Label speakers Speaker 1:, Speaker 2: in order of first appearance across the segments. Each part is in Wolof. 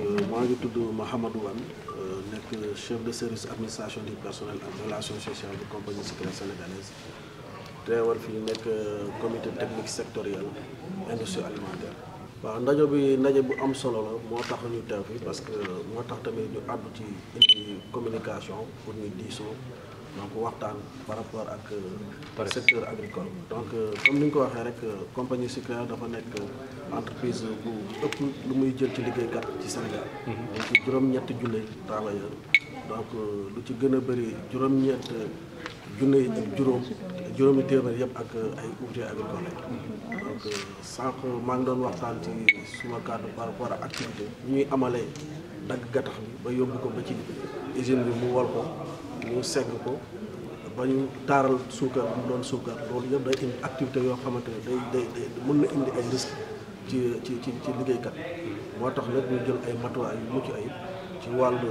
Speaker 1: Euh, maa ngi tudd Mahamadou Wane euh, nekk chef de service administration du personnel ak relation sociale de compagnie sucrière sénégalaise teewal fii nekk euh, comité technique sectoriale industrie alimentaire. waaw ndaje bi ndaje bu am solo la moo tax ñu teew fi parce que moo tax tamit ñu àddu ci indi communication pour ñu diisoo. donc waxtaan par rapport ak euh, secteur agricole donc euh, comme ni ñu ko waxee rek euh, compagnie sucrière dafa nekk entreprise bu ëpp lu muy jël ci liggéey liggéeykat ci Sénégal donc mhm. juróom-ñetti junne travailleurs donc lu ci gën a bëri juróom-ñett junne yi juróom juróomi téeméer yëpp ak ay ouvriers agricoles donc sànq maa ngi doon waxtaan ci suma kàddu par rapport ak activité ñuy amalee dagg gattax bi ba yóbbu ko ba ci usine bi mu wol ko mu segg ko ba ñu taaral suukar mu doon suukar loolu yëpp day indi activité yoo xamante ne day day mun mën na indi ay risque ci ci ci ci liggéeykat moo tax nag mu jël ay matuwaay yu mucc ayib ci wàllu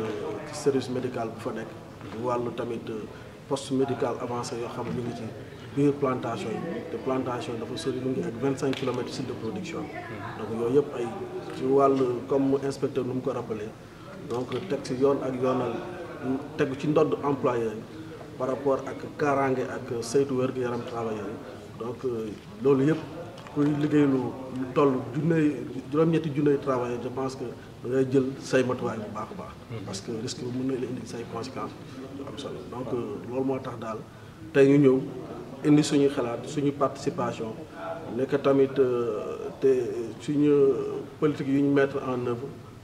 Speaker 1: service médical bu fa nekk wàllu tamit poste médical avancé yoo xam ne ci biir plantation yi te plantation yi dafa sori mu ngi ak vingt cinq kilomètres site de production donc yooyu yëpp ay ci wàll comme inspecteur nu mu ko rappelé donc teg yoon ak yoonal tegu ci ndodd employeur par rapport ak kaaraange ak saytu wér-gu-yaram travailleur yi donc euh, loolu yëpp kuy liggéey lu toll junney juróom-ñetti junney travailleur je pense que da ngay jël say matuwaay bu baax a baax mm-hmm. parce que risque mun mën na la indi say conséquences am solo donc euh, loolu moo tax daal tey ñu ñëw indi suñuy xalaat suñu participation nekk tamit euh, te suñu politique yu ñu mettre en œuvre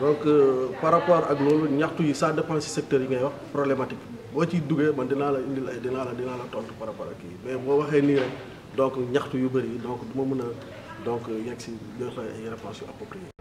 Speaker 1: donc euh, par rapport ak loolu ñaxtu yi ça dépend si secteur yi ngay wax problématique boo ci duggee man dinaa la indil ay dinaa la dinaa la tontu par rapport ak kii mais boo waxee nii rek donc ñaxtu yu bëri donc du ma mën a donc yegg si joxe ay réponses yu appropriées